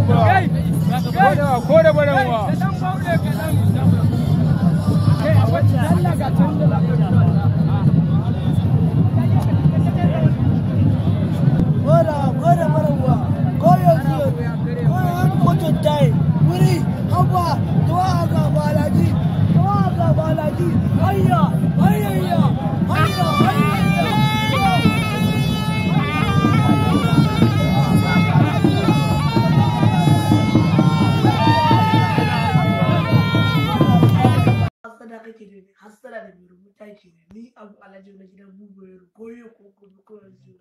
ko wa wuri hawa duwa kake da ni hasara da mai rubuta ke da ni abu alaji na gidan bugu ya koyo ko gobe ko yanzu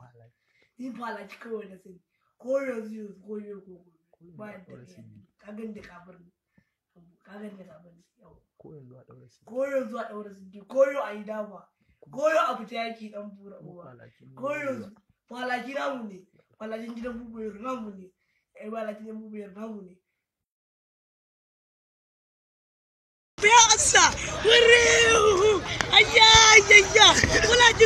ni ba alaji kawai na sani ko yanzu yanzu koyo ko gobe ba yadda ka gan da kafar ni ka gan da kafar ni ko yanzu a daura su ko yanzu a daura su koyo a yi dama koyo a fita yaki dan bura uwa ko yanzu falaki namu ne ba falakin gidan bugu ya namu ne ai eh, falakin gidan bugu ya namu ne